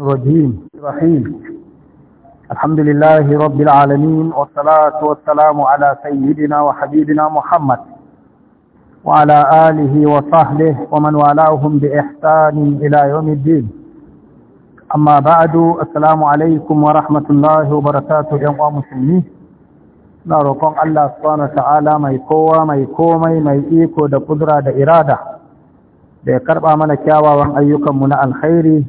الرجيم رحيم الحمد لله رب العالمين والصلاة والسلام على سيدنا وحبيبنا محمد وعلى آله وصحبه ومن والاهم بإحسان إلى يوم الدين أما بعد السلام عليكم ورحمة الله وبركاته يا مسلمين na roƙon Allah subhanahu ta'ala mai kowa mai komai mai iko da kudura da irada da ya karɓa mana kyawawan ayyukanmu na alkhairi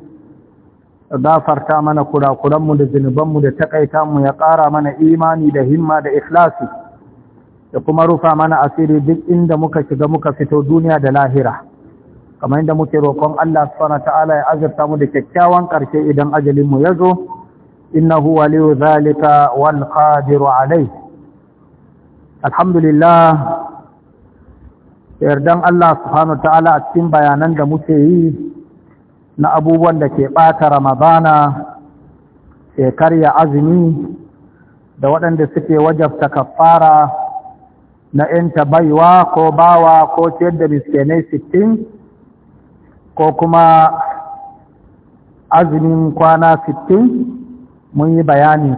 gafarta mana kurakuranmu da zunubanmu da takaita mu ya ƙara mana imani da himma da ikhlasi da kuma rufa mana asiri duk inda muka shiga muka fito duniya da lahira kamar inda muke roƙon Allah subhanahu ta'ala ya azurta mu da kyakkyawan ƙarshe idan ajalin mu yazo innahu waliyu zalika wal qadiru alayh alhamdulillah yardan Allah subhanahu ta'ala a cikin bayanan da muke yi na abubuwan da ke ɓata ramadana ke karya azumi da waɗanda suke wajabta kafara na ‘yanta baiwa ko bawa ko ciyar da miskenai sittin ko kuma azumin kwana sittin mun yi bayani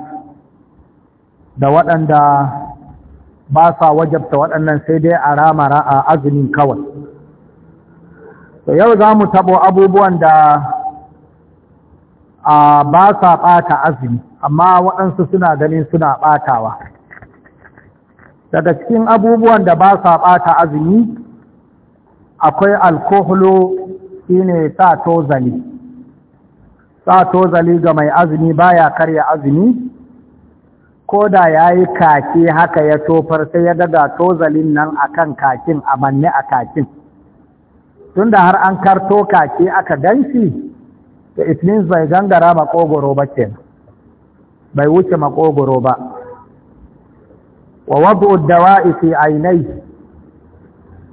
da waɗanda ba sa wajabta waɗannan sai dai a ramara a azumin kawai to yau za mu tabo abubuwan da a ba sa ɓata azumi amma waɗansu suna ganin suna ɓatawa daga cikin abubuwan da ba sa ɓata azumi akwai alkoholo shine sa tozali sa tozali ga mai azumi baya karya azumi ko da ya yi kake haka ya tofar sai ya daga tozalin nan akan kakin a manne a kakin tun da har an karto kake aka ganshi da itinin means bai gangara makogoro ba ke, bai wuce makogoro ba wa wad'u dawa'i isi ainihi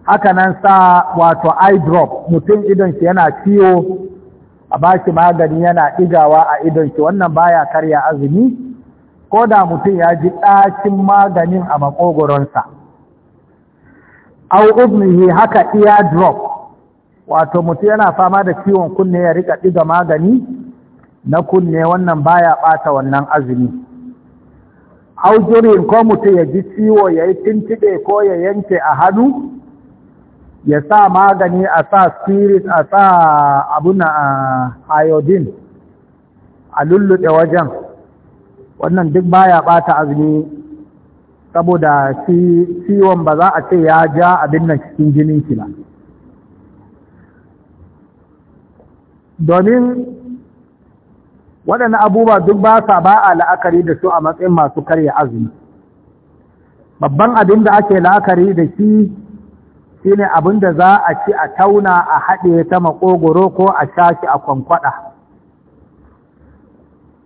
haka nan sa wato eye drop mutum idon shi yana ciwo a bashi magani yana igawa a idon shi wannan baya karya azumi ko da mutum ya ji ɗakin maganin a makogoronsa au ubnihi haka ear drop wato mutu yana fama da ciwon kunne ya rika ɗiga magani na kunne wannan baya bata wannan azumi aujurin ko mutum ya ji ciwo ya yi tintiɗe ko ya yanke a hannu ya sa magani a sa spirit a sa abuna a iodine a lulluɗe wajen wannan duk baya ɓata azumi saboda ciwon ba za a ce ya ja abin nan cikin jinin ba domin waɗannan abubuwa duk ba sa ba a la'akari da su a matsayin masu karya azumi babban abin da ake la'akari da shi shine abin da za a ci a tauna a haɗe ta makogoro ko a shashi a kwankwaɗa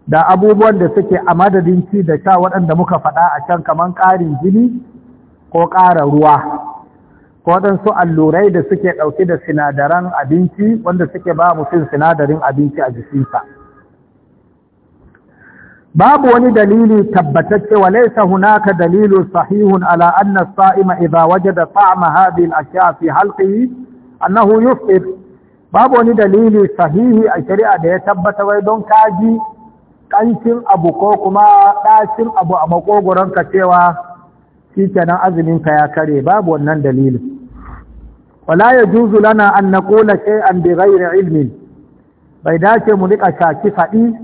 da abubuwan da suke a madadin ci da sha waɗanda muka faɗa a can kamar ƙarin jini ko ƙara ruwa ko waɗansu allurai da suke ɗauki da sinadaran abinci wanda suke ba mutum sinadarin abinci a jikinsa babu wani dalili tabbatacce wa laisa hunaka dalilu sahihun ala anna saima idza wajada ta'ma hadhihi al-ashya fi halqihi annahu yufṭir babu wani dalili sahihi a shari'a da ya tabbata wai don kaji kancin abu ko kuma ɗacin abu a ka cewa shi kenan azuminka ya kare babu wannan dalilin wala ya juzu lana an na kola shay'an bi ilmin bai dace mu rika shaki faɗi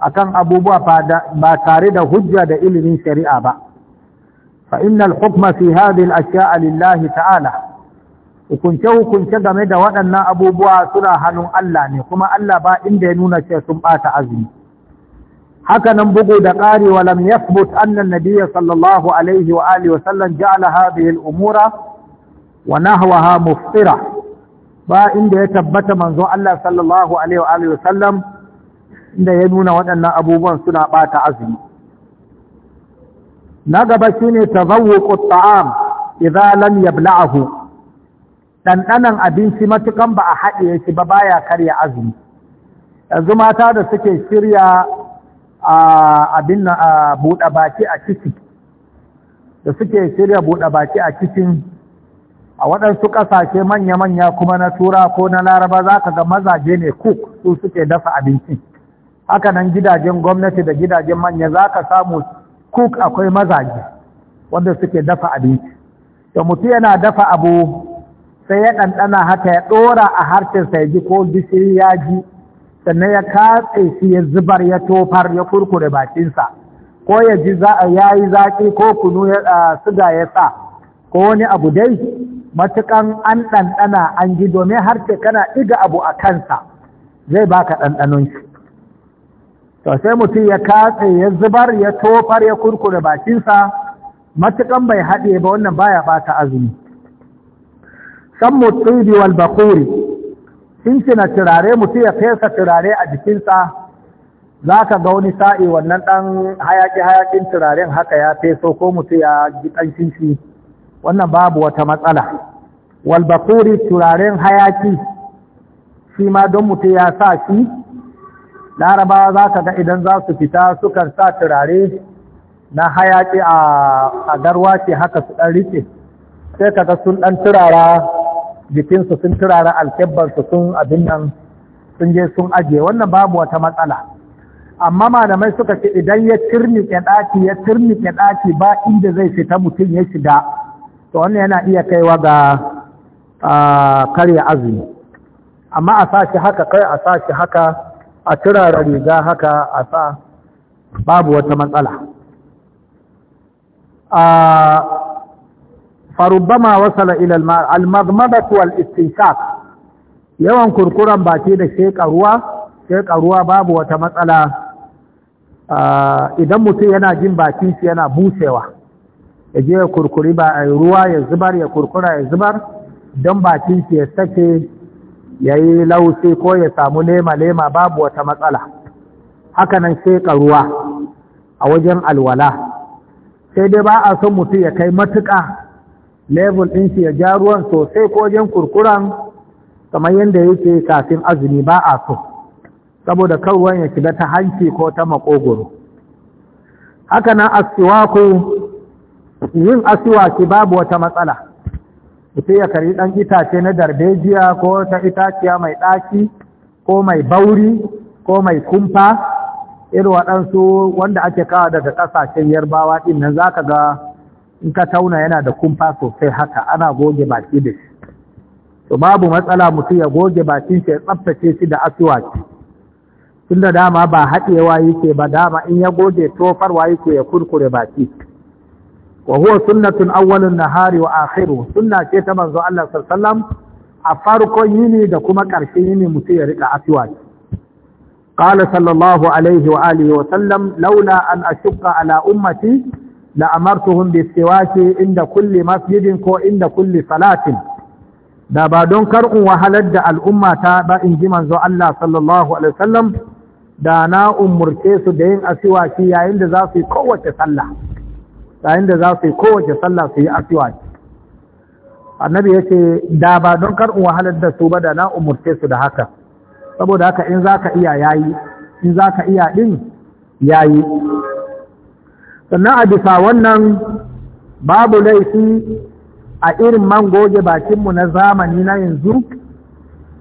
akan abubuwa ba tare da hujja da ilimin shari'a ba fa innal hukma fi hadhihi al-ashya'a lillahi ta'ala hukunce hukunce game da waɗannan abubuwa suna hannun Allah ne kuma Allah ba inda ya nuna ce sun ɓata azumi haka nan bugu da ƙari wa lam yathbut anna an-nabiy sallallahu alaihi wa alihi wa sallam ja'ala hadhihi al-umura wa nahwaha muftira ba inda ya tabbata manzo Allah sallallahu alaihi wa sallam inda ya nuna waɗannan abubuwan suna bata azumi na gaba shine tazawwuqu at-ta'am idza lam yabla'ahu ɗanɗanan abinci matukan ba a haɗe shi ba baya karya azumi yanzu mata da suke shirya abin buɗe baki a ciki da suke shirya buɗe baki a cikin a waɗansu ƙasashe manya-manya kuma na tura ko na laraba za ka ga mazaje ne kuk su suke dafa abinci haka nan gidajen gwamnati da gidajen manya za ka samu cook akwai mazaje wanda suke dafa abinci da mutu yana dafa abu sai ya ɗanɗana haka ya ɗora a harkinsa ya ji ko gishiri ya ji sannan ya katse shi ya zubar ya tofar ya kurkure bakinsa ko ya ji ya yi zaƙi ko kunu ya siga ya sa ko wani abu dai matukan an ɗanɗana an ji domin har ce kana ɗiga abu a kansa zai baka ɗanɗanon shi to sai mutum ya katse ya zubar ya tofar ya kurkure bakinsa matukan bai haɗe ba wannan baya bata azumi san mutubi wal bakuri na turare mutum ya fesa turare a jikinsa za ka ga wani sa'i wannan ɗan hayaƙi hayaƙin turaren haka ya feso ko mutum ya ji ƙanshin shi wannan babu wata matsala walbakuri turaren hayaki shi ma don mutum ya sa shi Laraba za ka ga idan za su fita sukan sa turare na hayaki a garwa ce haka su ɗan rike. sai ka ga sun ɗan turara jikinsu sun turara alkebbarsu sun abin nan sun je sun ajiye wannan babu wata matsala amma malamai suka ce idan ya turni ɗaki ya turni ɗaki ba inda zai fita mutum ya shiga to wannan yana iya kaiwa ga karya azumi amma a sashi haka kai a sashi haka a turara riga haka a sa babu wata matsala فربما وصل إلى الماء Wal والاستنشاق yawan kurkuren baki da shekaruwa. ruwa ruwa babu wata matsala idan mutum yana jin bakin shi yana busewa ya je ya kurkuri ba a ruwa ya zubar ya kurkura ya zubar don bakin ya sake ya yi lausi ko ya samu lema-lema babu wata matsala hakanan sheƙa ruwa a wajen alwala sai dai ba a son mutum ya kai matuka, level ɗin shi ya ja ruwan sosai ko wajen kurkuran kamar yadda yake kafin azumi ba a so saboda ruwan ya shiga ta hanci ko ta makogoro hakanan asiwaku yin asuwaki babu wata matsala ita ya kari ɗan itace na darbejiya ko ta itaciya mai ɗaki ko mai bauri ko mai kumfa irin waɗansu wanda ake kawo daga ƙasashen yarbawa ɗin nan za ka ga in ka tauna yana da kumfa sosai haka ana goge baki da shi to babu matsala mutum ya goge bakin shi ya tsaftace shi da asuwaki da dama ba haɗewa yake ba dama in ya goge tofarwa yake ya kurkure baki wa huwa sunnatun awwalun nahari wa akhiru sunna ce ta manzo Allah sallallahu a farkon yini da kuma ƙarshen yini mutum ya rika aswaki qala sallallahu alaihi wa alihi wa sallam laula an ashqa ala ummati la amartuhum bi istiwaki inda kulli masjidin ko inda kulli salatin da ba don karɓin wahalar da al'umma ta ba in ji manzo Allah sallallahu Alaihi wasallam da na umurce su da yin asiwaki yayin da za su yi kowace sallah. yayin da za su yi kowace sallah su yi asiwaki annabi ya ce da ba don kar in wahalar da su ba da na umurce su da haka saboda haka in za ka iya yayi in za ka iya ɗin yayi sannan a bisa wannan babu laifi a irin man goge bakinmu na zamani na yanzu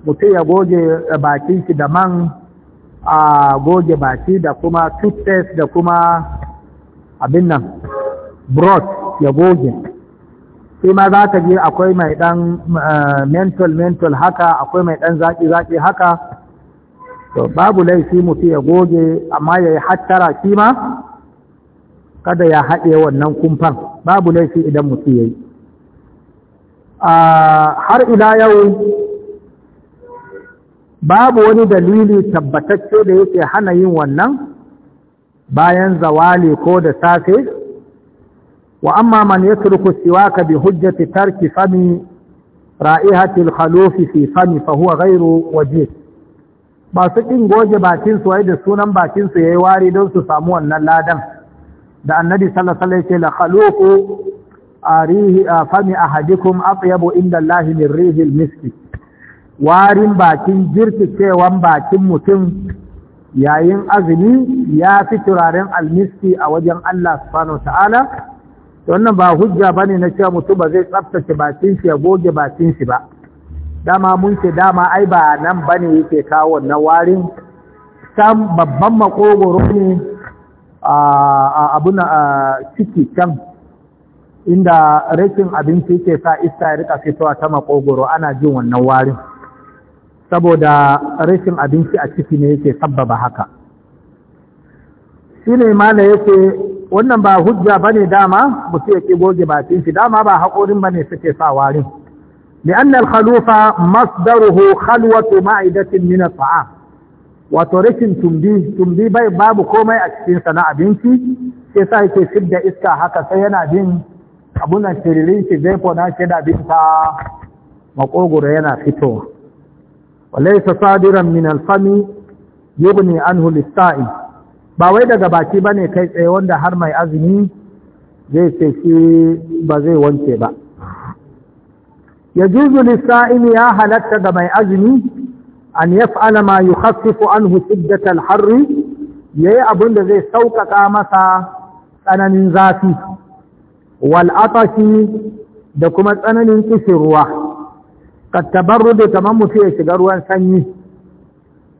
mutum ya goge bakin shi da man a goge baki da kuma toothpaste da kuma abin nan brush ya goge sai ma za ka je akwai mai ɗan eh, mental mental haka akwai mai ɗan zaƙi-zaƙi haka to babu laifi mutu ya goge amma ya yi hattara shi ma kada ya haɗe wannan kumfan babu laifi idan mutu ya yi har ila yau babu wani dalili tabbatacce da yake hana yin wannan bayan zawali ko da safe wa amma man yatruku siwaka bi hujjati tarki fami ra'ihati al fi fami masu ƙin goge bakin su da sunan bakin su yayi wari don su samu wannan ladan da annabi sallallahu alaihi wasallam la khaluqu arihi fami ahadikum atyabu inda Allah min rihi al warin bakin cewan bakin mutum yayin azumi ya fi turaren almiski a wajen Allah subhanahu wa ta'ala wannan ba hujja ba ne na cewa mutum ba zai tsabtace bakin shi ya goge bakin shi ba dama mun ce dama ai ba nan ba ne yake kawo wannan warin can babban makogoro ne a abuna a ciki can inda rashin abinci ke sa iska ya rika fitowa ta makogoro ana jin wannan warin saboda rashin abinci a ciki ne yake sabbaba haka shi ne ma mala yake wannan ba hujja ba ne dama ba su yake goge ba shi. dama ba haƙorin ba ne suke sa warin khalufa masu halufa masdaruhu halwatu ma'aidatin nina fa'a wato rikin tumbi tumbi bai babu komai a cikinsa na abinci sai sa yake fi da iska haka sai yana bin abunan tirilin shi zai fona shi da binta makogoro yana fito. wale sadiran minal fami yubni ba wai daga baki ba ne kai tsaye wanda har mai azumi zai ce ba zai wanke ba ya juzu in ya halatta ga mai azumi an ya yaf'ala ma yukhaffifu da shiddatal ya yi abin da zai sauƙaƙa masa tsananin zafi wal da kuma tsananin kishin ruwa kattabarrudu kamar mutu ya shiga ruwan sanyi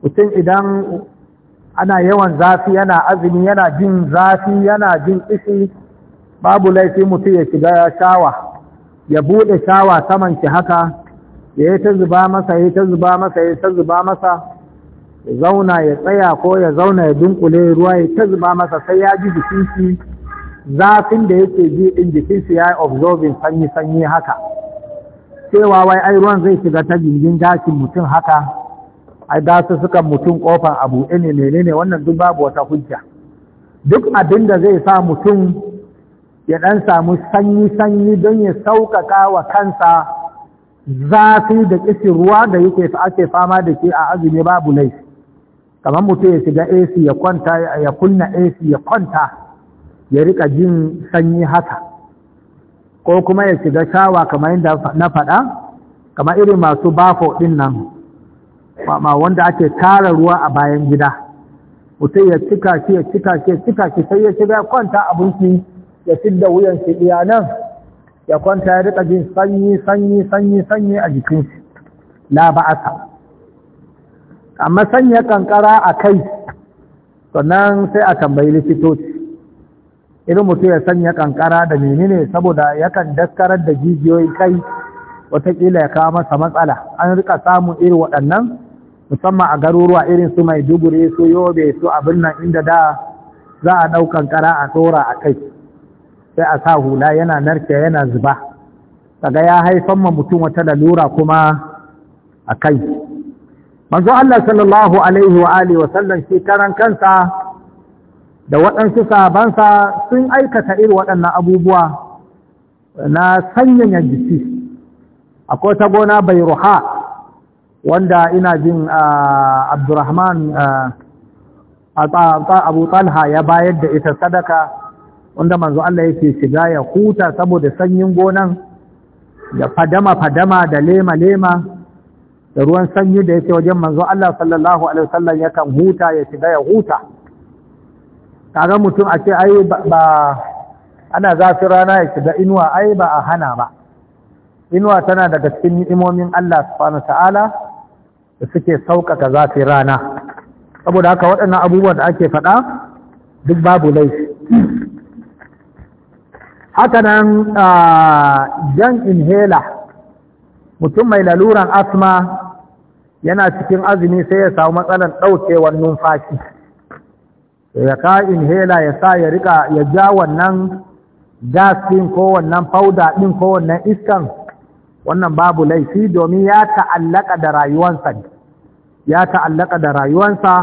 mutum idan ana yawan zafi yana azumi yana jin zafi yana jin isi babu laifi mutum ya shiga shawa ya bude shawa saman shi haka ya yi ta zuba masa ya yi ta zuba masa ya yi ta zuba masa ya zauna ya tsaya ko ya zauna ya dunkule ruwa ya ta zuba masa sai ya ji jikin shi zafin da yake ji in jikin shi ya yi observing sanyi sanyi haka cewa wai ai ruwan zai shiga ta jirgin gashin mutum haka a su sukan mutum kofar abu eh, ne ne menene wannan duk babu wata hujja duk abin da zai sa mutum ya ɗan samu sanyi-sanyi don ya sauƙaƙa wa kansa zafi da ƙishin ruwa da yake ake fama da ke a azumi babu laifi kamar mutum ya shiga AC ya kwanta ya kunna AC ya kwanta ya rika jin sanyi haka ko kuma ya shiga shawa kamar yadda na faɗa kamar irin masu bafo ɗin nan kwama wanda ake tara ruwa a bayan gida mutum ya cika shi ya cika shi ya cika shi sai ya shiga kwanta abinci ya da wuyan shi iya nan ya kwanta ya rika jin sanyi sanyi sanyi sanyi a jikin shi la ba'asa amma sanya kankara a kai sannan sai a tambayi likitoci irin mutum ya sanya kankara da menene saboda yakan daskarar da jijiyoyi kai wataƙila ya kawo masa matsala an rika samun irin waɗannan musamman a garuruwa irin su mai dubure su yobe su abin nan inda da za a ɗaukan kara a tsora a kai sai a sa hula yana narke yana zuba daga ya haifan ma mutum wata lalura kuma a kai manzo Allah sallallahu alaihi wa alihi wa sallam shi karan kansa da waɗansu sabansa sun aikata irin waɗannan abubuwa na sanyaya jiki akwai ta gona bai ruha wanda ina jin ah, abdurrahman ah, abu talha ya bayar da ita sadaka wanda manzo Allah yake shiga ya huta saboda sanyin gonan da fadama-fadama da lema-lema da ruwan sanyi da yake wajen manzo Allah sallallahu Alaihi wasallam yakan huta ya shiga ya huta kaga mutum a ce ai ba ana zafi rana ya shiga inuwa ai ba a hana ba inuwa tana daga cikin ni'imomin Allah subhanahu ta'ala da suke sauƙaƙa zafin rana saboda haka waɗannan abubuwan da ake faɗa duk babu laifi haka nan jan inhela, mutum mai laluran asma yana cikin azumi sai ya samu matsalar ɗaukewar numfashi ya ka inhaler ya sa ya rika ya ja wannan gas ɗin ko wannan fauda ɗin ko wannan iskan wannan babu laifi domin ya ta'allaka da rayuwansa ya ta'allaka da rayuwansa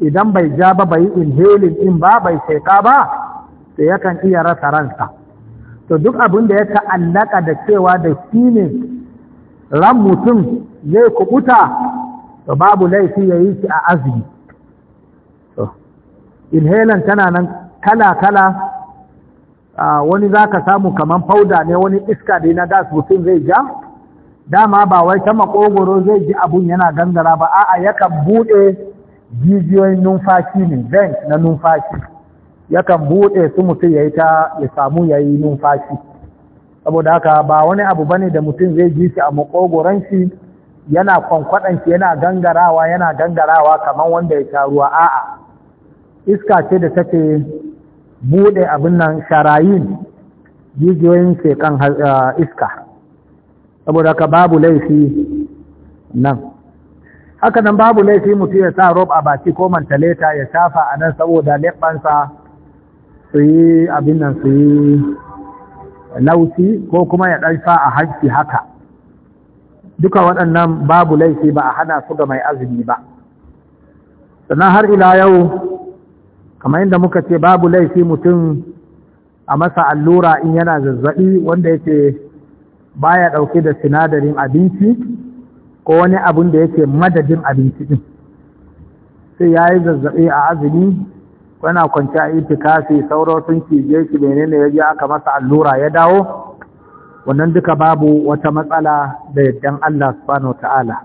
idan bai ja ba bai inhaling in ba bai sheka ba sai yakan iya rasa ransa to duk abin da ya ta'allaka da cewa da shi ne ran mutum zai kubuta to babu laifi ya yi shi a azumi inhalant tana nan kala-kala Ah, wani za ka samu kamar fauda ne wani iska ne na gas mutum zai ja dama ba wai ta makogoro zai ji abun yana gangara ba a'a yakan buɗe jijiyoyin numfashi ne vent na numfashi yakan buɗe su mutum ya yi ta ya samu ya yi numfashi saboda haka ba wani abu bane da mutum zai ji shi a makogoron shi yana kwankwaɗan shi yana gangarawa yana gangarawa kamar wanda ya sha ruwa a'a iska ce da take bude abin nan sharayin jijiyoyin shekan ah, iska saboda ka babu laifi nan haka nan babu laifi mutum ya sa rob a baki ko mantaleta ya shafa a nan saboda leɓansa su yi abin nan su yi laushi ko kuma ya ɗarfa a hanki haka duka waɗannan babu laifi ba a hana su ga mai azumi ba sannan har ila yau kamar yadda muka ce babu laifi mutum a masa allura in yana zazzaɓi wanda yake baya ɗauke da sinadarin abinci ko wani abin da yake madadin abinci ɗin sai ya yi zazzaɓi a azumi yana kwanci a itikafi sauran sun cije shi menene ya ji aka masa allura ya dawo wannan duka babu wata matsala da yaddan Allah subhanahu wa ta'ala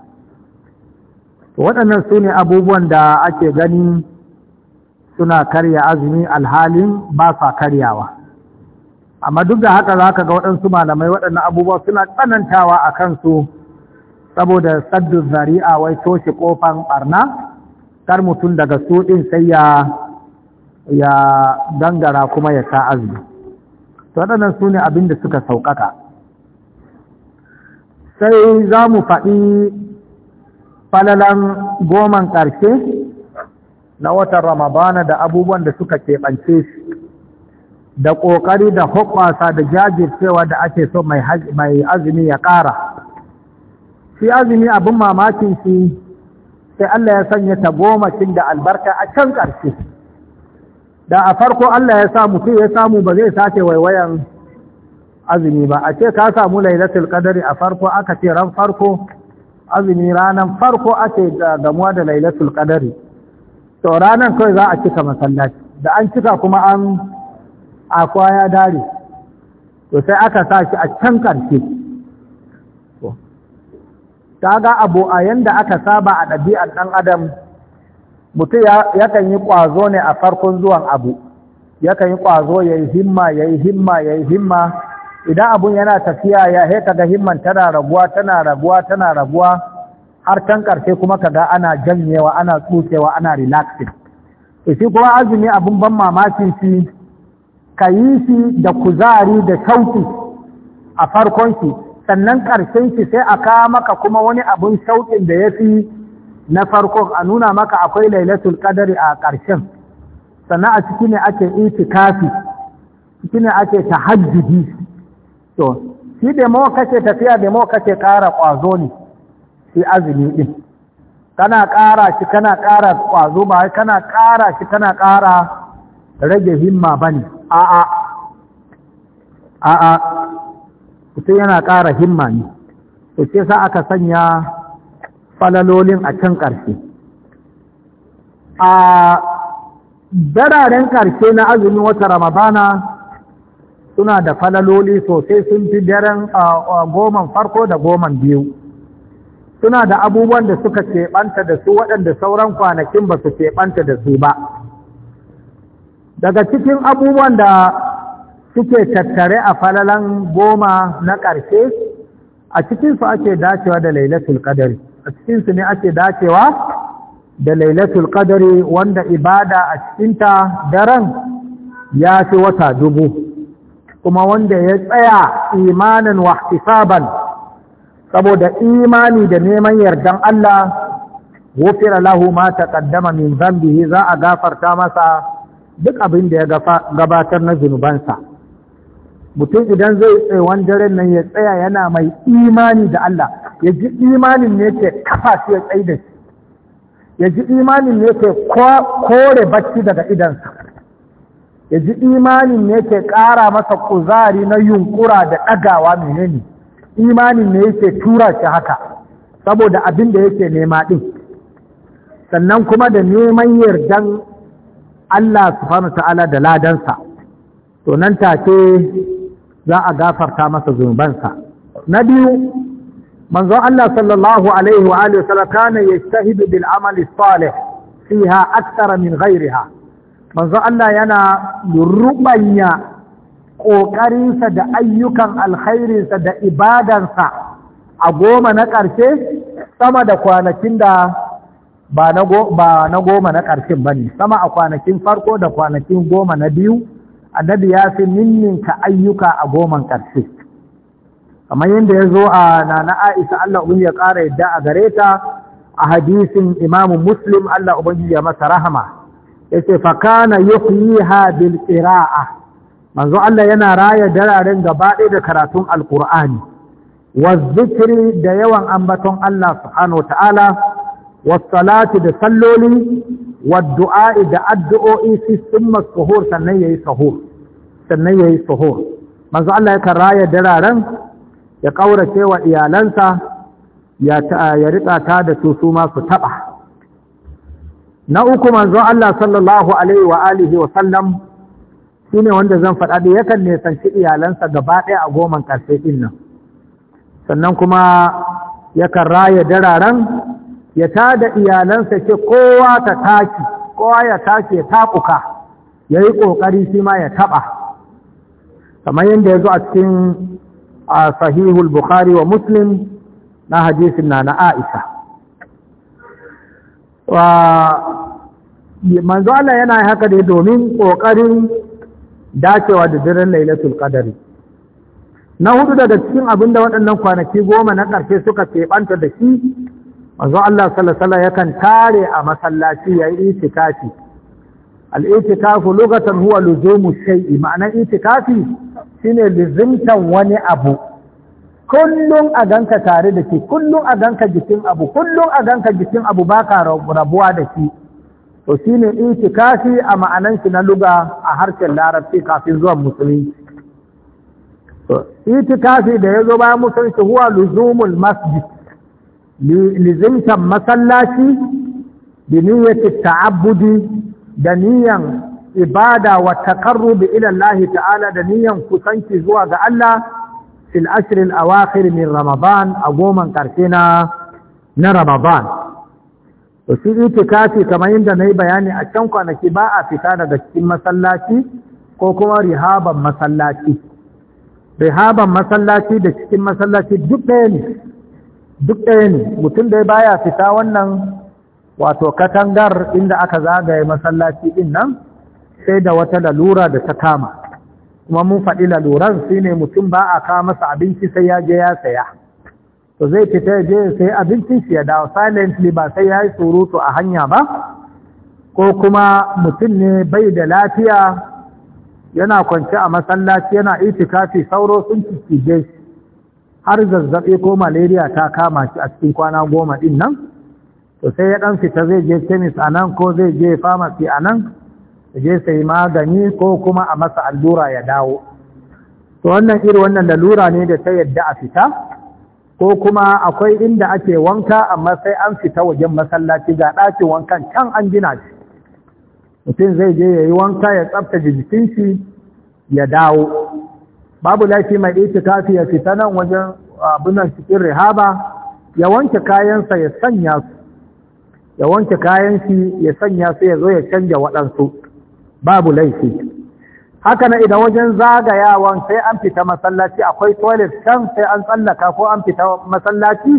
waɗannan su ne abubuwan da ake gani. suna karya azumi alhalin ba sa karyawa amma duk da haka za ka ga waɗansu malamai waɗannan abubuwa suna tsanantawa a kansu saboda saddu zari'a wai toshe ƙofan ɓarna kar mutum daga su ɗin sai ya ya gangara kuma ya sa azumi to waɗannan su ne abin da suka sauƙaƙa sai za mu faɗi falalan goman ƙarshe na watan ramadana da abubuwan da suka keɓance shi da ƙoƙari da hukwasa da jajircewa da ake so mai azumi ya ƙara shi azumi abin mamakin shi sai Allah ya sanya ta goma cin da albarka a can ƙarshe da a farko Allah ya samu sai ya samu ba zai sake waiwayan azumi ba a ce ka samu lailatul qadari a farko aka ce ran farko azumi ranan farko ake damuwa da lailatul qadari to ranar kawai za a cika masallaci da an cika kuma an akwa ya dare to sai aka sa shi a can ƙarshe ta ga abu a yanda aka saba a ɗabi'ar ɗan adam mutum yakan yi ƙwazo ne a farkon zuwan abu yakan yi ƙwazo ya yi himma ya yi himma ya yi himma idan abun yana tafiya ya haika ga himman tana raguwa tana raguwa tana raguwa har can ƙarshe kuma ka ga ana janyewa ana tsukewa, ana relaxing Isi kuma azumi abin ban mamakin shi ka yi shi da kuzari da shauki a farkon shi sannan ƙarshen shi sai a kawo maka kuma wani abin shauƙin da ya fi na farkon a nuna maka akwai lailatul qadari a ƙarshen sannan a ciki ne ake itikafi ciki ne ake tahajjudi to shi da mawa tafiya da mawa ƙara ƙwazo ne shi azumi din kana ƙara shi kana ƙara ƙwazo ba kana ƙara shi kana ƙara rage himma bane a'a a'a mutum yana ƙara himma ne to ce sa aka sanya falalolin a can ƙarshe a dararen ƙarshe na azumin wata ramadana suna da falaloli sosai sun fi daren goma farko da goma biyu suna da abubuwan da suka keɓanta da su waɗanda sauran kwanakin ba su keɓanta da su ba daga cikin abubuwan da suke tattare a falalan goma na ƙarshe a cikinsu ake dacewa da lailatul ƙadari, a cikinsu ne ake dacewa da lailatul ƙadari wanda ibada a cikinta daren ya fi wata dubu kuma wanda ya tsaya imanin wa saboda imani da neman yardan Allah wofira lahu ma taqaddama min dhanbihi za a gafarta masa duk abin da ya gabatar na zunubansa mutum idan zai tsaye daren nan ya tsaya yana mai imani da Allah ya ji imanin ne ke kafa shi ya tsaye da shi ya ji imanin ne ke kore bacci daga idansa ya ji imanin ne ke ƙara masa kuzari na yunkura da ɗagawa menene ne imanin ne yake tura shi haka saboda abin da yake nema ɗin sannan kuma da neman yardan Allah subhanahu ta'ala da ladansa to nan take za a gafarta masa zunubansa na biyu manzo Allah sallallahu alaihi wa alihi wasallam kana yajtahidu bil amali salih fiha akthara min ghairiha manzo Allah yana rubanya ƙoƙarinsa da ayyukan alkhairinsa da ibadansa a goma na ƙarshe sama da kwanakin da ba na goma na ƙarshen ba ne sama a kwanakin farko da kwanakin goma na biyu annabi ya fi ninninka ayyuka a goman ƙarshe kamar yadda ya zo a nana aisha Allah ubin ya ƙara yadda a gare ta a hadisin imamu muslim Allah ubin ya masa rahama ya ce fakana yi bil ƙira'a manzo Allah yana raya dararen gaba ɗaya da karatun alkur'ani wazzikiri da yawan ambaton Allah subhanahu ta'ala wassalati da salloli waddu'a'i da addu'o'i fi summa suhur sannan yayi suhur sannan suhur manzo Allah yakan raya dararen ya kaurace wa iyalansa ya ya ta da su su ma su na uku manzo Allah sallallahu alaihi wa alihi wa sallam shi ne wanda zan faɗa da yakan nesanci iyalansa gaba ɗaya a goman ƙarfe ɗin nan sannan kuma yakan raya dararen ya ta da iyalansa ce kowa ta taki kowa ya tashi ya taƙuka ya yi ƙoƙari shi ma ya taɓa kamar yadda ya zo a cikin a sahihul bukhari wa muslim na hadisin na na aisha manzo Allah yana haka dai domin ƙoƙarin dacewa da daren lailatul qadari na hudu daga cikin abin da waɗannan kwanaki goma na ƙarshe suka keɓanta da shi manzo Allah ya yakan tare a masallaci ya yayin itikafi al-itikafu lugatan huwa luzumu shay'i ma'ana itikafi shine lizimtan wani abu kullum a ganka tare da shi kullum a ganka jikin abu kullum a ganka jikin abu baka rabuwa da shi to ne itikafi a ma'anan shi na luga a harshen larabci kafin zuwa musulunci itikafi da ya zo bayan musulunci huwa luzumul masjid lizimtan masallaci bi niyyati ta'abbudi da niyyan ibada wa takarru ila ta'ala da niyyar kusanci zuwa ga Allah fil ashirin a wakil min ramadan a goma karshe na ramadan to shi itikafi kamar yadda na yi bayani a can kwanaki ba a fita daga cikin masallaci ko kuma rihaban masallaci rihaban masallaci da cikin masallaci duk ɗaya ne duk ɗaya ne mutum dai baya fita wannan wato katangar inda aka zagaye masallaci din nan sai da wata lalura da ta kama kuma mun faɗi laluran shine ne mutum ba a kawo masa abinci sai ya je ya saya to zai fita je sai abincin shi ya dawo silently ba sai ya yi surutu a hanya ba ko kuma mutum ne bai da lafiya yana kwance a masallaci yana itikafi sauro sun cije shi har zazzabi ko malaria ta kama shi a cikin kwana goma din nan to sai ya ɗan fita zai je chemist a nan ko zai je pharmacy a nan je sai magani ko kuma a masa allura ya dawo to wannan iri wannan lalura ne da ta yadda a fita ko kuma akwai inda ake wanka amma sai an fita wajen masallaci ga ɗakin wankan can an gina shi mutum zai je ya yi wanka ya tsafta jikin shi ya dawo babu laifi mai itikafi ya fita nan wajen abunan cikin rihaba ya wanke kayansa ya sanya su ya wanke kayan shi ya sanya su ya zo ya canja waɗansu babu laifi haka na idan wajen zagayawan sai an fita masallaci akwai toilet can sai an tsallaka ko an fita masallaci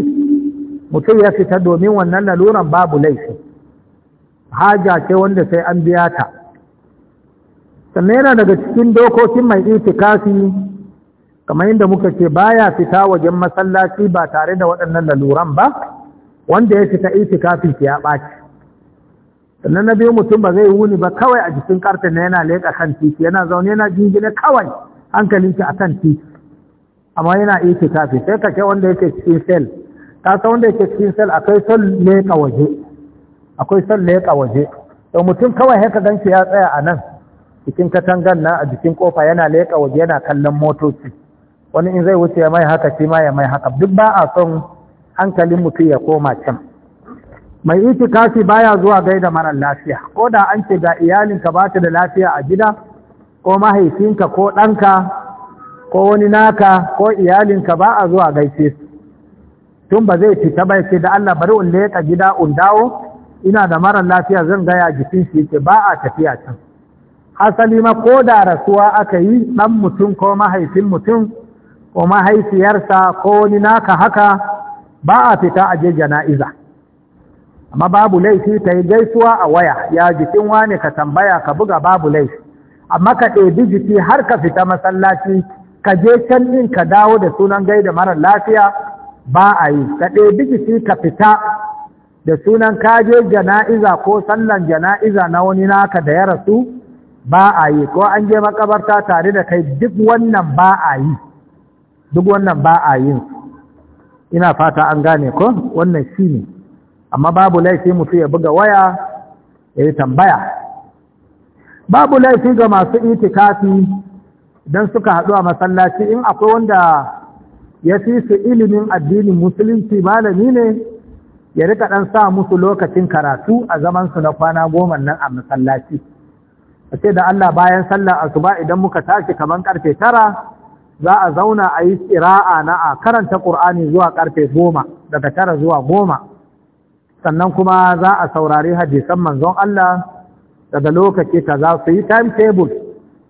mutum ya fita domin wannan laluran babu laifi haja ce wanda sai an biya ta sannan yana daga cikin dokokin mai itikafi kamar yadda muka ce baya fita wajen masallaci ba tare da waɗannan laluran ba wanda ya fita itikafi ya ɓaci sannan na biyu mutum ba zai wuni ba kawai a jikin karta na yana leƙa kan titi yana zaune yana jingine kawai hankalin a kan titi amma yana iya tafi sai ka ke wanda yake cikin sel ta san wanda yake cikin sel akwai son leƙa waje akwai son leƙa waje to mutum kawai haka gan ya tsaya a nan cikin katangan na a jikin kofa yana leƙa waje yana kallon motoci wani in zai wuce ya mai haka shi ma ya mai haka duk ba a son hankalin mutum ya koma can mai itikafi baya zuwa gaida marar lafiya ko da an ce ga iyalinka ba ta da lafiya a gida ko mahaifinka ko ɗanka ko wani naka ko iyalinka ba a zuwa gaishe tun ba zai fita bai ce da Allah bari in ya gida un dawo ina da marar lafiya zan gaya jikin shi ke ba a tafiya can asali ma ko da rasuwa aka yi ɗan mutum ko mahaifin mutum ko mahaifiyarsa ko wani naka haka ba a fita a je jana'iza amma babu laifi ta yi gaisuwa a waya ya jikin wani ka tambaya ka buga babu laifi amma ka ɗebi jiki har ka fita masallaci ka je can ɗin ka dawo da sunan gai da marar lafiya ba a yi ka ɗebi jiki ka fita da sunan kaje jana'iza ko sallan jana'iza na wani naka da ya rasu ba a yi ko an je makabarta tare da kai duk wannan ba a yi duk wannan ba a yin ina fata an gane ko wannan shi ne amma babu laifi mutu ya buga waya ya yi tambaya babu laifi ga masu itikafi don suka haɗu a masallaci in akwai wanda ya fi su ilimin addinin musulunci malami ne ya rika ɗan sa musu lokacin karatu a zamansu na kwana goma nan a masallaci a ce da Allah bayan sallar asuba idan muka tashi kamar karfe tara za a zauna a yi tsira'a na a karanta ƙur'ani zuwa karfe goma daga tara zuwa goma sannan kuma za a saurari hadisan manzon Allah daga lokaci za su yi timetable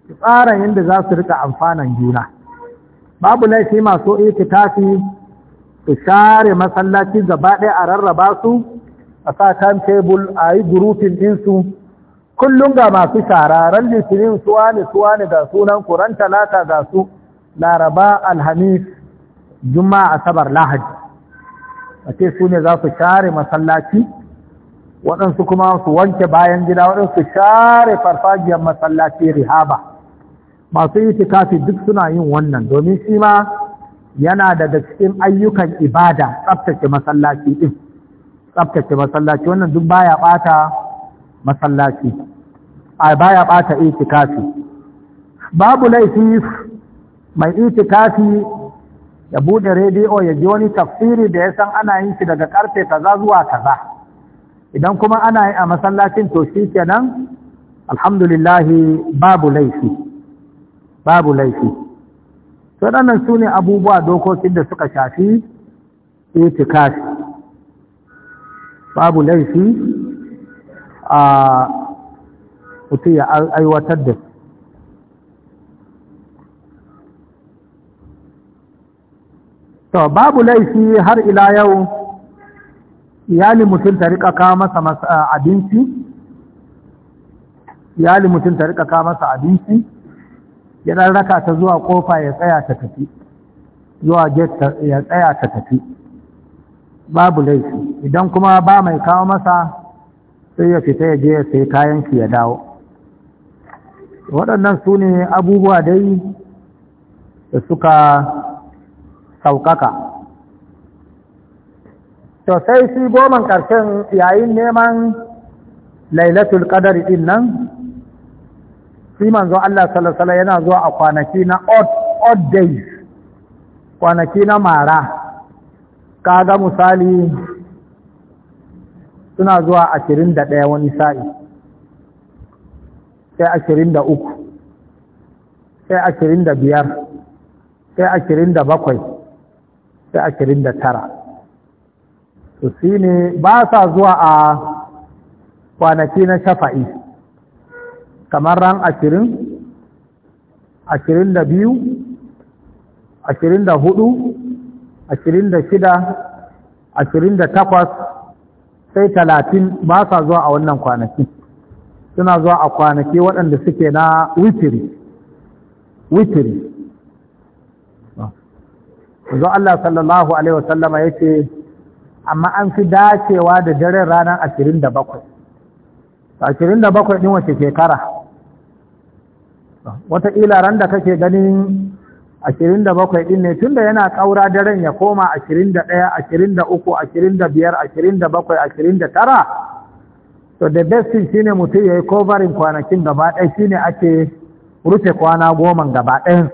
su tsara yadda za su rika amfanan juna babu laifi masu itikafi su share masallaci gaba ɗaya a rarraba su a sa timetable a yi gurufin ɗinsu kullum ga masu shara ran litinin suwa ne suwa ne ga sunan kuran talata ga su laraba alhamis juma'a asabar lahadi a ce su ne za su share masallaci waɗansu kuma su wanke bayan gida waɗansu share farfajiyar masallaci rihaba masu itikafi duk suna yin wannan domin shi ma yana daga cikin ayyukan ibada tsabtace masallaci ɗin tsabtace masallaci wannan duk baya ɓata masallaci a baya ɓata itikafi babu laifi mai itikafi ya bude rediyo ya ji wani tafsiri da ya san ana yin shi daga karfe kaza zuwa kaza idan kuma ana yi a masallacin to shi kenan alhamdulillahi babu laifi babu laifi to waɗannan su ne abubuwa dokokin da suka shafi kashi, babu laifi a mutum ya aiwatar da su to babu laifi har ila yau iyali mutum ta rika kawo masa abinci iyali mutum ta rika kawo masa abinci ya dan raka ta zuwa kofa ya tsaya ta tafi zuwa get ya tsaya ta tafi babu laifi idan kuma ba mai kawo masa sai ya fita ya je ya sai kayan shi ya dawo waɗannan su ne abubuwa dai da suka Saukaka, to sai shi goman ƙarshen yayin neman lailatul qadar din nan shi manzo Allah salasala yana zuwa a kwanaki na odd odd days kwanaki na mara kaga misali suna zuwa ashirin da ɗaya wani sa'i sai ashirin da uku sai ashirin da biyar sai ashirin da bakwai da ashirin da tara to shi ne ba sa zuwa a kwanaki na shafa'i kamar ran ashirin ashirin da biyu ashirin da hudu ashirin da shida ashirin da takwas sai talatin ba sa zuwa a wannan kwanaki suna zuwa a kwanaki waɗanda suke na witiri witiri zo Allah sallallahu alaihi wasallama ce amma an fi dacewa da daren ranar ashirin ashirin da bakwai. da bakwai ɗin wace shekara Wataƙila ran da kake ganin ashirin da bakwai ɗin ne tunda yana kaura daren ya koma ashirin ashirin ashirin ashirin da da da ɗaya, uku, biyar, da bakwai, ashirin da tara? to the best thing shine mutum ya yi kovarin kwanakin gaba ɗaya shine ake rufe kwana goma gaba ɗayan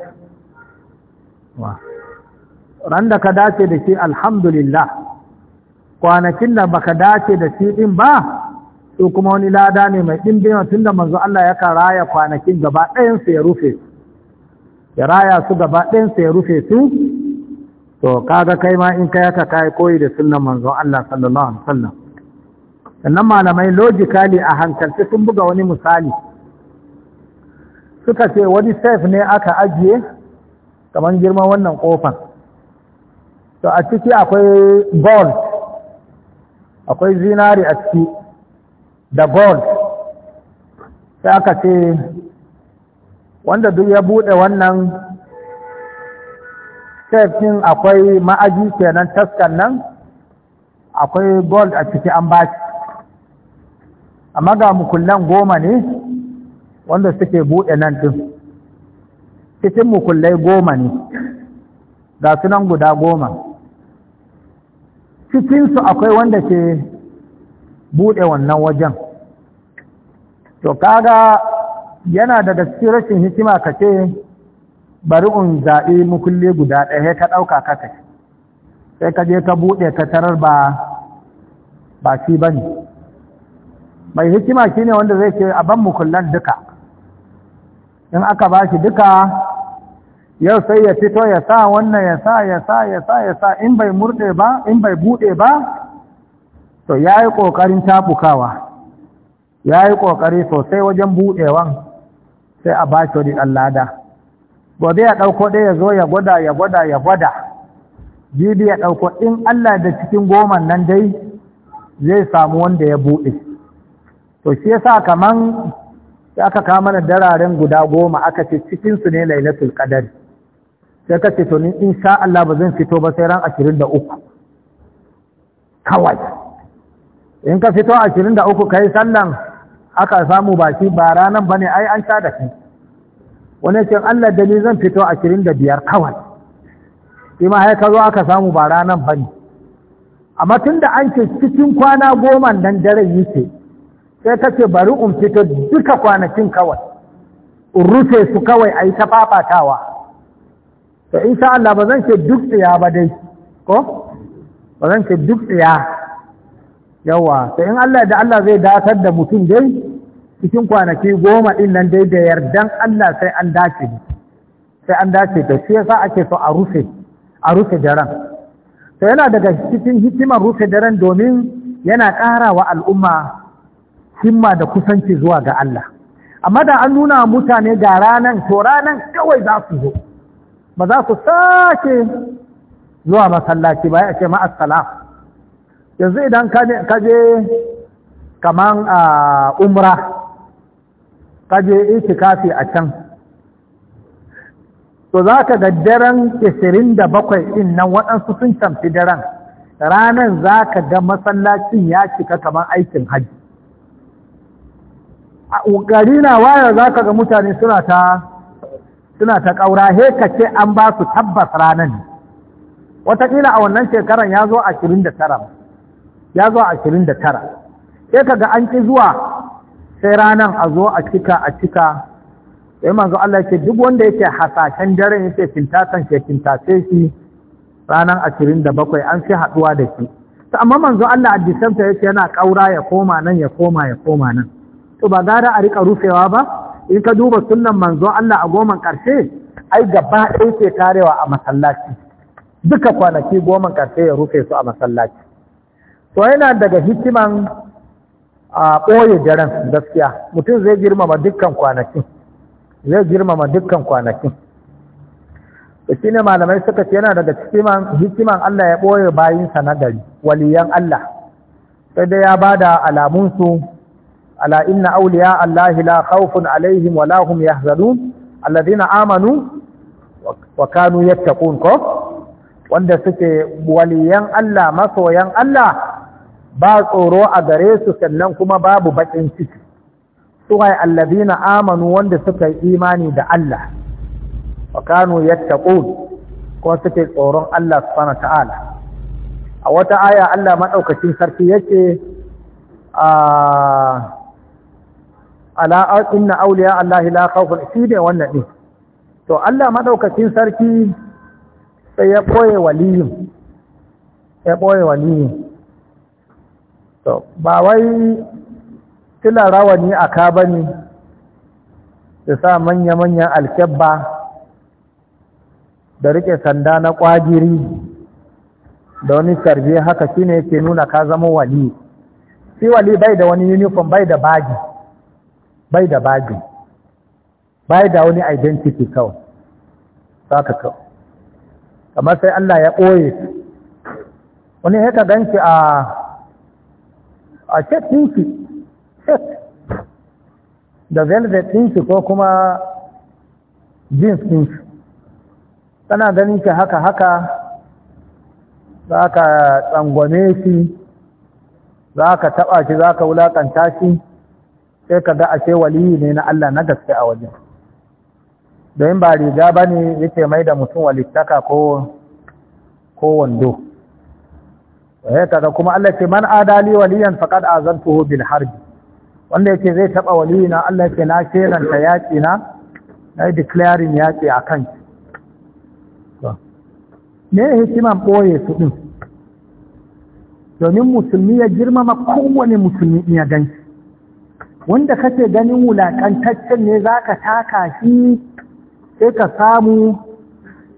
Randa ka dace da shi alhamdulillah kwanakin da baka dace da shi din ba to kuma wani lada ne mai ɗimbin tun da manzo Allah ya ka raya kwanakin gaba ɗayansu ya rufe ya raya su gaba ɗayansu ya rufe su to kaga kai ma in kai ka kai koyi da sunnan manzo Allah sallallahu alaihi wasallam sannan malamai logically a hankalci sun buga wani misali suka ce wani safe ne aka ajiye kamar girman wannan kofar to a ciki akwai gold akwai zinari a ciki da gold sai aka ce wanda duk ya bude wannan ɗin akwai ma'aji kenan taskan nan akwai gold a ciki an ba shi, amma ga mukullan goma ne wanda suke bude nan din cikin mukullai goma ne ga sunan guda goma cikinsu akwai wanda ke buɗe wannan wajen to kaga yana daga cikin rashin hikima ka ce bari in zaɓi mukulle guda ɗaya ka ɗauka kasai. sai ka je ka buɗe ka tarar ba ba shi ba ne mai hikima shi ne wanda zai ce a ban mukullan duka in aka ba shi duka yau sai ya fito ya sa wannan ya sa ya sa ya sa ya sa in bai murde ba in bai bude ba to ya yi ƙoƙarin tafukawa ya yi ƙoƙari sosai wajen buɗewan sai a ba shi ɗan lada gobe ya ɗauko ɗaya ya zo ya gwada ya gwada ya gwada jibi ya ɗauko in Allah da cikin goma nan dai zai samu wanda ya buɗe to shi yasa kaman aka kama da dararen guda goma aka ce cikinsu ne lailatul qadari sai ka ce to ni sha Allah ba zan fito ba sai ran 23 kawai in ka fito 23 kai sallan aka samu shi ba ranan bane ai an sha da shi. wani ce Allah da ni zan fito 25 kawai ima ya ka zo aka samu ba ranan ba ne amma tun da an ce cikin kwana goma nan daren yake sai ka ce bari in fito duka kwanakin kawai in rufe su kawai a yi ta fafatawa to insha Allah ba zan ce duk tsaya ba dai ko ba zan ce duk tsaya yawa to in Allah da Allah zai datar da mutum dai cikin kwanaki goma din nan dai da yardan Allah sai an dace sai an dace da shi yasa ake so a rufe a rufe daren to yana daga cikin hikimar rufe daren domin yana ƙara wa al'umma himma da kusanci zuwa ga Allah amma da an nuna mutane ga ranan to ranan kawai za su zo ba za ku sake zuwa masallaci ba ya ce ma'asala yanzu idan kaje kaman a umra kaje kafi a can to za ka ga daren 27 din nan waɗansu sun camfi daren ranar za ka ga masallacin ya cika kaman aikin hajji gari na waya za ka ga mutane suna ta suna ta ƙaura hekace ce an ba su tabbas ranar ne wataƙila a wannan shekaran ya zo ashirin da tara ya zo ashirin da tara sai ka ga an ƙi zuwa sai ranar a zo a cika a cika sai manzo Allah ce duk wanda yake hasashen daren yake fintasan ke fintace shi ranar ashirin da bakwai an fi haɗuwa da shi ta amma manzo Allah a disanta yake yana ƙaura ya koma nan ya koma ya koma nan to ba gara a riƙa rufewa ba in ka duba sunan manzon Allah a goman ƙarshe ai gaba ɗaya ke karewa a masallaci duka kwanaki goman ƙarshe ya rufe su a masallaci to yana daga hikiman a ɓoye daren gaskiya mutum zai girmama dukkan kwanakin zai girmama dukkan kwanakin da shi ne malamai suka ce yana daga cikin hikiman Allah ya ɓoye bayinsa na gari waliyan Allah sai dai ya ba da alamunsu ala inna awliya allahi la khawfun alaihim wa la hum yahzanun alladhina amanu wa kanu wanda suke waliyan Allah masoyan Allah ba tsoro a gare su sannan kuma babu bakin ciki suwai alladhina amanu wanda suka yi imani da Allah wa kanu yattaqun ko suke tsoron Allah subhanahu ta'ala a wata aya Allah maɗaukacin sarki yake a ala inna auliya allahi la khawfun shi ne wannan din to Allah madaukakin sarki sai ya boye waliyin ya boye waliyin to ba wai tila rawani aka bane da sa manya manyan alkebba da riƙe sanda na kwajiri da wani tarbiya haka shine yake nuna ka zama wali shi wali bai da wani uniform bai da baji bai da baji bai da wani identity kawai za ka kawai kamar sai Allah ya ɓoye wani haka ka ganci a a shek ɗinki da velvet ɗinki ko kuma jeans ɗinki tana ganin ki haka haka za ka tsangwame shi za ka taɓa shi za ka wulaƙanta shi sai ka ga ashe waliyi ne na Allah na gaske a wajen don ba riga ba ne yake mai da mutum walittaka ko wando sai eh, ka ga kuma Allah ce man adali waliyan faqad azantuhu bil harbi wanda yake zai taba waliyina Allah ce na shelanta yaƙi na na declaring yaƙi a kan me hikiman ɓoye su ɗin domin musulmi ya girmama kowane musulmi ya ganci wanda kake ganin wulaƙantaccen ne za ka taka shi sai ka samu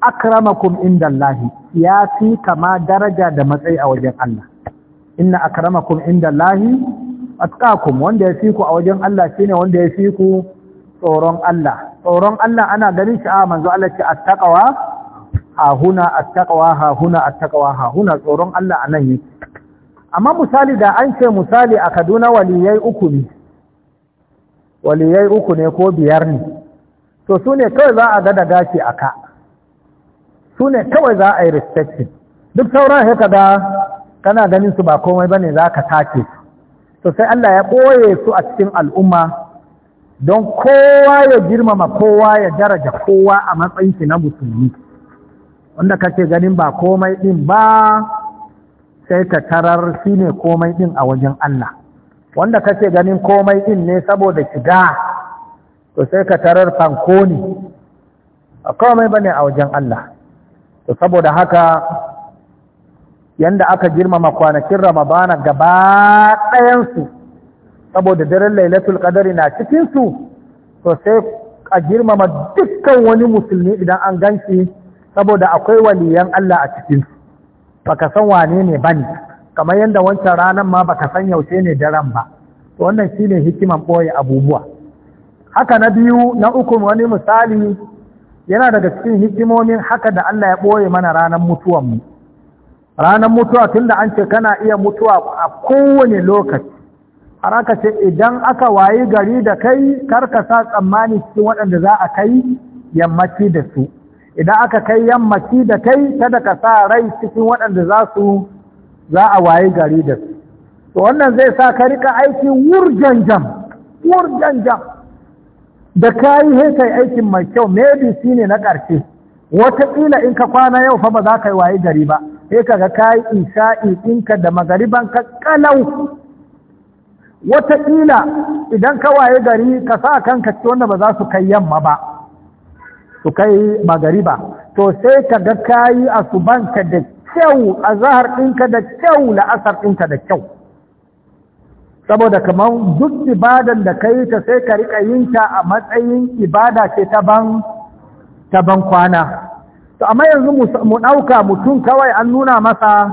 akramakum inda Allah ya fi kama daraja da matsayi a wajen Allah inna akramakum inda Allahi atqakum wanda ya fi ku a wajen Allah shine wanda ya fi ku tsoron Allah tsoron Allah ana ganin shi a manzo Allah ce a taƙawa a huna a taƙawa ha huna a taƙawa ha huna tsoron Allah a nan yake amma misali da an ce misali a Kaduna waliyai uku ne waliyai uku ne ko biyar ne to su ne kawai za a gada gashi a ka su ne kawai za a yi respectin duk sauran haka ga kana ganin su ba komai ba ne za ka take to sai Allah ya ɓoye su a cikin al'umma don kowa ya girmama kowa ya daraja kowa a matsayin matsayinki na musulmi wanda kake ganin ba komai ɗin ba sai ka tarar shi ne komai ɗin a wajen Allah wanda kake ganin komai din ne saboda shiga to sai ka tarar fankoni a komai bane a wajen Allah to saboda haka yanda aka girmama kwanakin Ramadana gaba ɗayansu saboda daren Lailatul Qadari na cikin su to sai a girmama dukkan wani musulmi idan an ganci saboda akwai waliyan Allah a cikin su baka san wane ne bane kamar yadda wancan ranar ma baka san yaushe ne daren ba wannan shine hikiman ɓoye abubuwa haka na biyu na uku wani misali yana daga cikin hikimomin haka da Allah ya ɓoye mana ranar mu. ranar mutuwa tun da an ce kana iya mutuwa a kowane lokaci har aka ce idan aka wayi gari da kai karkasa sa tsammani cikin waɗanda za a kai yammaci da su idan aka kai yammaci da kai kada ka sa rai cikin waɗanda za su za a wayi gari da su to wannan zai sa ka rika aiki wurjanjan wurjanjan da ka yi hekai aikin mai kyau maybe shi ne na ƙarshe wataƙila in ka kwana yau fa ba za ka yi wayi gari ba sai ka ga ka yi isha'i ɗinka da magariban ka ƙalau wataƙila idan ka waye gari ka sa kanka ci wanda ba za su kai yamma ba su kai magariba to sai ka ga kayi asubanka da kyau a zahar ɗinka da kyau la'asar ɗinka da kyau saboda kamar duk ibadan da ka yi ta sai ka riƙa yin ta a matsayin ibada ce ta ban kwana to amma yanzu mu ɗauka mutum kawai an nuna masa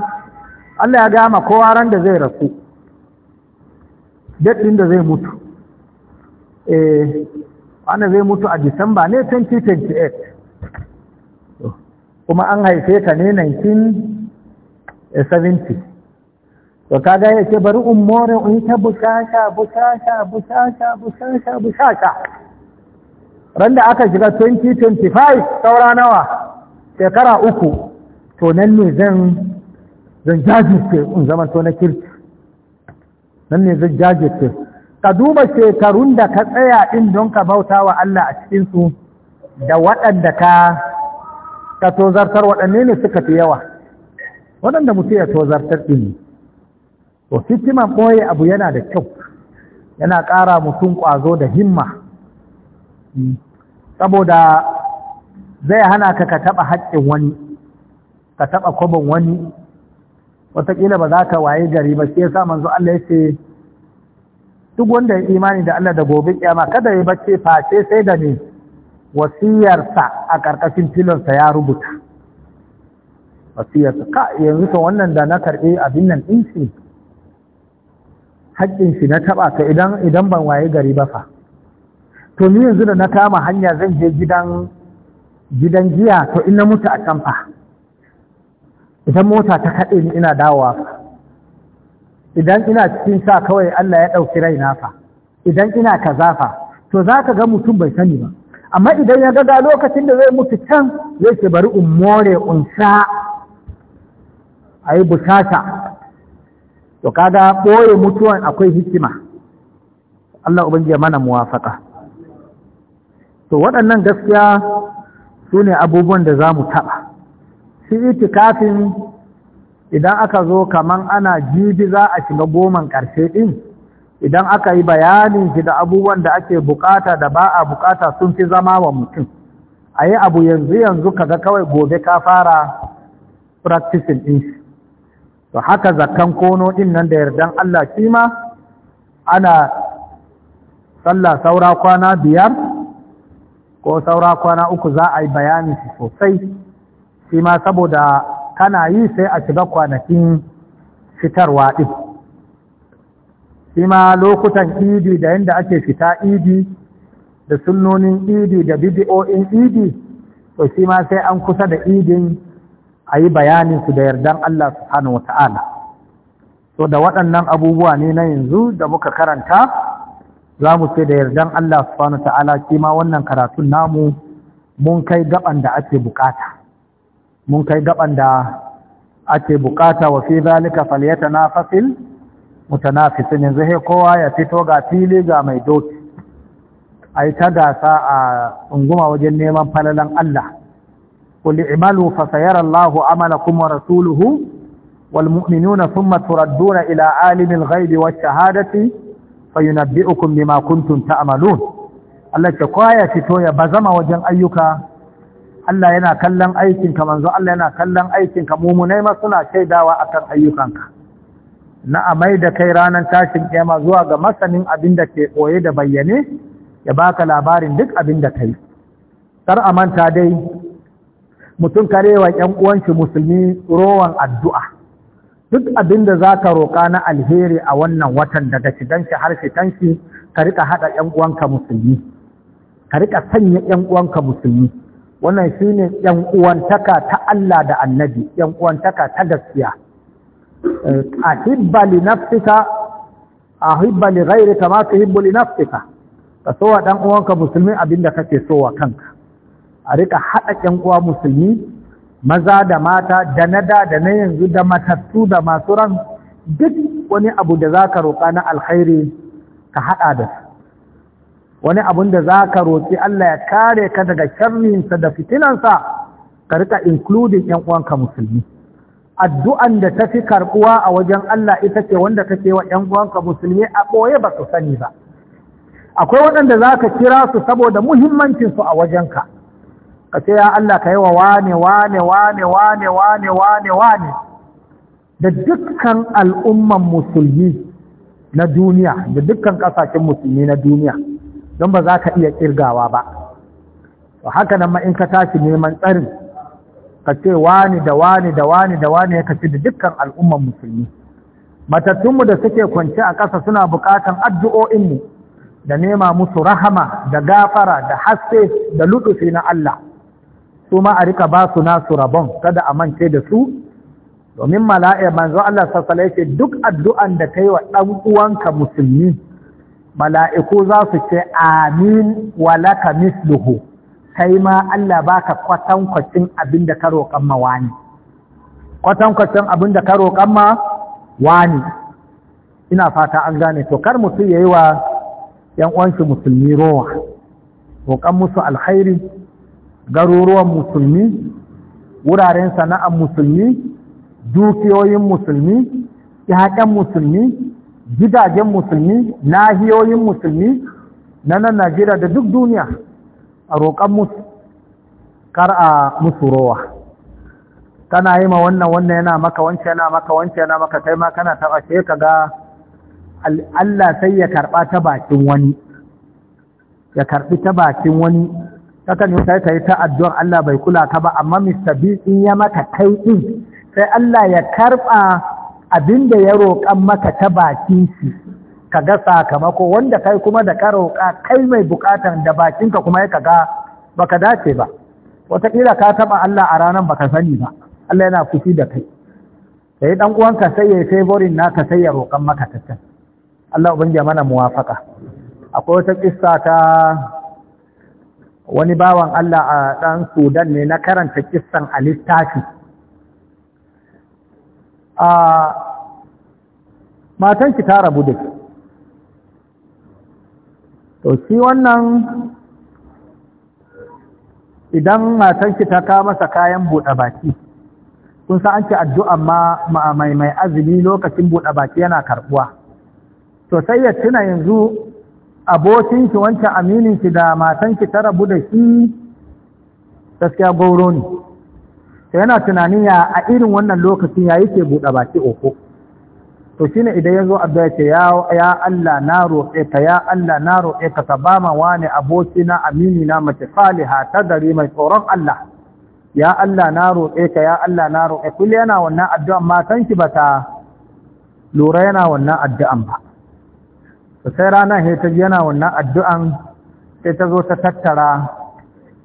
Allah ya gama kowa ran da zai rasu daɗin da zai mutu eh wanda zai mutu a disamba ne 2028 kuma an haife ka ne 1970 to kaga ya ce bari in more in ta bushasha bushasha bushasha bushasha bushasha Randa aka shiga 2025 saura nawa shekara uku to nan ne zan zan jajirce in zaman to na kirki nan ne zan jajirce ka duba shekarun da ka tsaya din don ka bauta wa Allah a cikinsu da waɗanda ka ka tozartar waɗanne ne suka fi yawa waɗanda mutum ya tozartar ɗin to fitiman ɓoye abu yana da kyau yana ƙara mutum ƙwazo da himma saboda zai hana ka ka taɓa haƙƙin wani ka taɓa kwabon wani wataƙila ba za ka waye gari ba shi yasa manzo Allah ya ce duk wanda ya imani da Allah da gobe kyama kada ya bace face sai da ne wasiyarsa a ƙarƙashin filonsa ya rubuta wasiyarsa ka yanzu ta wannan da na karɓi abin nan ɗin shi haƙƙin shi na taɓa ta idan idan ban waye gari ba fa to ni yanzu da na kama hanya zan je gidan gidan giya to ina mutu a can idan mota ta kaɗe ni ina dawowa idan ina cikin sa kawai Allah ya ɗauki raina fa idan ina kaza fa to za ka ga mutum bai sani ba amma idan ya gaga lokacin da zai mutu can zai ce bari in more in sha. a yi bushasha to kaga ɓoye mutuwan akwai hikima Allah ubangi ya mana muwafaka to waɗannan gaskiya su ne abubuwan da za mu taɓa shi kafin idan aka zo kaman ana jibi za a shiga goman ƙarshe ɗin idan aka yi bayanin shi da abubuwan da ake bukata da ba a bukata sun fi zama wa mutum a yi abu yanzu yanzu kaga kawai gobe ka fara practicing din shi to haka zakan kono din nan da yardan Allah shi ma ana sallah saura kwana biyar ko saura kwana uku za a yi bayanin shi sosai shi ma saboda kana yi sai a shiga kwanakin fitarwa ɗin shi ma lokutan idi da yadda ake fita idi da sunnonin idi da bidiyo'in idi to shi ma sai an kusa da idin a yi bayaninsu da yardan Allah subhanahu wa ta'ala to da waɗannan abubuwa ne na yanzu da muka karanta za mu ce da yardan Allah subhanahu wa ta'ala shi ma wannan karatun namu mun kai gaban da ake bukata mun kai gaban da ake bukata wa fi zalika fasil. mutanafisin yanzu sai kowa ya fito ga fili ga mai doki yi ta gasa a unguma wajen neman falalan Allah kulli imalu fa sayara Allahu amalakum wa rasuluhu wal mu'minuna thumma turadduna ila alimil ghaibi wash shahadati fayunabbi'ukum bima kuntum ta'malun Allah kowa ya fito ya bazama wajen ayyuka Allah yana kallon aikinka manzo Allah yana kallon aikinka mumunai ma suna shaidawa akan ayyukanka na amai da kai ranar tashin kema zuwa ga masanin abin da ke koye da bayyane ya baka labarin duk abin da kai kar a manta dai mutum karewa ƴan uwanci musulmi rowan addu'a duk abin da ka roƙa na alheri a wannan watan daga shigan shi har fitan shi ka rika haɗa ƴan uwanka musulmi ka rika sanya ƴan uwanka musulmi wannan shine ƴan uwantaka ta Allah da Annabi ƴan uwantaka ta gaskiya ahibba li nafsika ahibba li ghayrika ma tuhibbu li nafsika ka sowa dan uwanka musulmi abinda kake sowa kanka a rika hada yan uwa musulmi maza da mata da na da da na yanzu da matattu da masu ran duk wani abu da zaka roƙa na alkhairi ka haɗa da su wani abun da zaka roƙi Allah ya kare ka daga sharrinsa da fitinansa ka rika including ƴan uwanka musulmi addu'an da ta fi karɓuwa a wajen Allah ita ce wanda ka ce wa ‘yan uwanka musulmi a ɓoye ba su sani ba. Akwai waɗanda za ka kira su saboda muhimmancinsu a wajen ka ce ya Allah ka yi wa wane wane wane wane wane wane wane da dukkan al'umman musulmi na duniya da dukkan ƙasashen musulmi na duniya don ba za ka iya ƙirgawa ba. Haka nan ma in ka tashi neman tsarin. ka ce wani da wani da wani da wani ya kaci da dukkan al'umman musulmi matattunmu da suke kwance a ƙasa suna buƙatan addu'o'inmu da nema musu rahama da gafara da haske da lutufi na Allah su ma a rika ba su nasu rabon kada a mance da su domin mala'i manzo Allah sassala yake duk addu'an da ka yi wa ɗan uwanka musulmi mala'iku za su ce amin walaka misluhu kai ma Allah baka kwacin abin da ka roƙan ma wani kwacin abin da ka roƙan ma wani ina fata an gane to kar mutum yi wa yan uwanshi musulmi rowa roƙan musu alkhairi garuruwan musulmi wuraren sana'ar musulmi dukiyoyin musulmi yaƙen musulmi gidajen musulmi nahiyoyin musulmi na nan Najeriya da duk duniya a roƙon musu kar a musu rowa Tana yi ma wannan wannan yana maka wance yana maka wance yana maka kai ma kana taɓa shi, ka ga Allah sai ya karɓa ta bakin wani ya karɓi ta bakin wani kakan yi sai ka yi ta addu'ar Allah bai kula ka ba amma Mr. B in ya maka kai ɗin sai Allah ya karɓa abin da ya roƙan maka ta bakin shi ka ga sakamako wanda kai kuma da karoka kai mai buƙatar da bakinka kuma ya kaga baka dace ba wataƙila ka taɓa Allah a ranar baka sani ba Allah yana fushi da kai sai dan uwanka sai ya favorin naka sai ya roƙan maka tattan Allah ubangiji mana muwafaka akwai wata kissa ta wani bawan Allah a ɗan Sudan ne na karanta kissan a littafi a ah, matan ki ta rabu da ki to shi wannan idan matanki ta kawo masa kayan buɗe baki kun san an ce addu'a ma mai mai azumi lokacin buɗe baki yana karɓuwa to sai ya tuna yanzu abokinki wancan amininki da matanki ta rabu da shi gaskiya gauro ne ta yana tunanin ya a irin wannan lokacin ya yake buɗe baki oko. to shine idan yazo addu'a ce ya Allah na roƙe ka ya Allah na roƙe ka ka ba ma wani aboki na amini na mace saliha ta gari mai tsoron Allah ya Allah na roƙe ka ya Allah na roƙe Kulli yana wannan addu'an matan ba bata lura yana wannan addu'an ba to sai rana he ta yana wannan addu'an sai ta zo ta tattara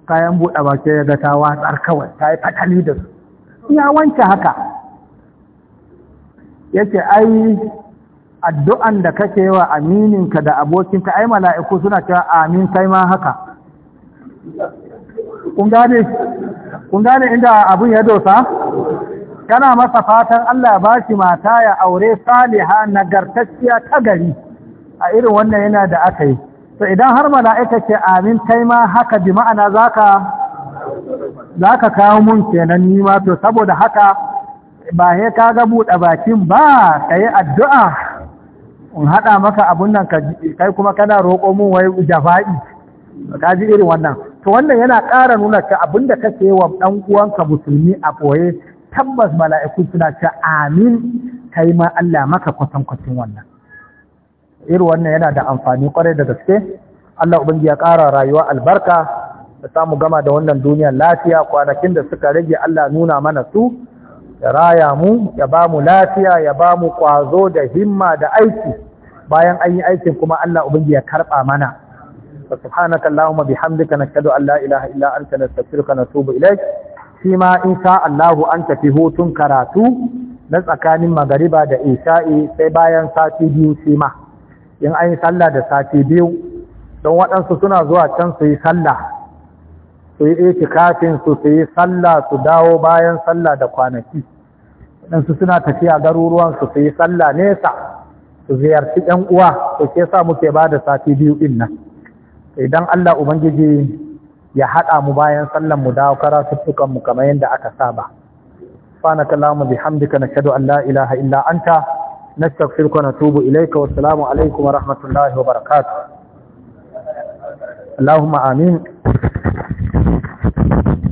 kayan buɗe ba ya ga ta watsar kawai ta yi fatali da su ya wanke haka Yake ai addu'an da kake wa amininka da abokinka ai mala'iku suna cewa amin kai ma haka kun gane kun gane inda abun ya dosa kana masa fatan Allah ba shi mata ya aure saliha nagartacciya ta gari a irin wannan yana da aka yi to idan har mala'ika ce amin kai ma haka bi ma'ana zaka zaka kawo mun kenan ni ma to saboda haka ba he ka ga buɗe bakin ba ka yi addu'a in haɗa maka abun nan kai kuma kana roƙo mun wai jafa'i ka ji irin wannan to wannan yana ƙara nuna ka abin da kake wa ɗan uwanka musulmi a ɓoye tabbas mala'iku suna ce amin yi ma Allah maka kwatan wannan irin wannan yana da amfani kwarai da gaske Allah ubangi ya ƙara rayuwa albarka da samu gama da wannan duniyar lafiya kwanakin da suka rage Allah nuna mana su ya raya mu ya ba mu lafiya ya ba mu kwazo da himma da aiki bayan an yi aikin kuma Allah ubangi ya karba mana subhanaka allahumma bihamdika nashhadu an la ilaha illa anta nastaghfiruka wa natubu ilaik shi ma insha allahu an tafi hutun karatu na tsakanin magariba da isha'i sai bayan sati biyu shi in an yi sallah da sati biyu don waɗansu suna zuwa can su yi sallah su yi itikafin su su yi sallah su dawo bayan sallah da kwanaki su suna tafiya garuruwan su su yi sallah nesa su ziyarci ɗan uwa to ke sa muke ba da sati biyu ɗin nan idan Allah ubangiji ya haɗa mu bayan sallan mu dawo karatuttukan mu kamar yadda aka saba سبحانك اللهم بحمدك نشهد أن لا إله إلا أنت نستغفرك wa إليك والسلام wa rahmatullahi wa وبركاته اللهم آمين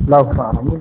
láǹfààní.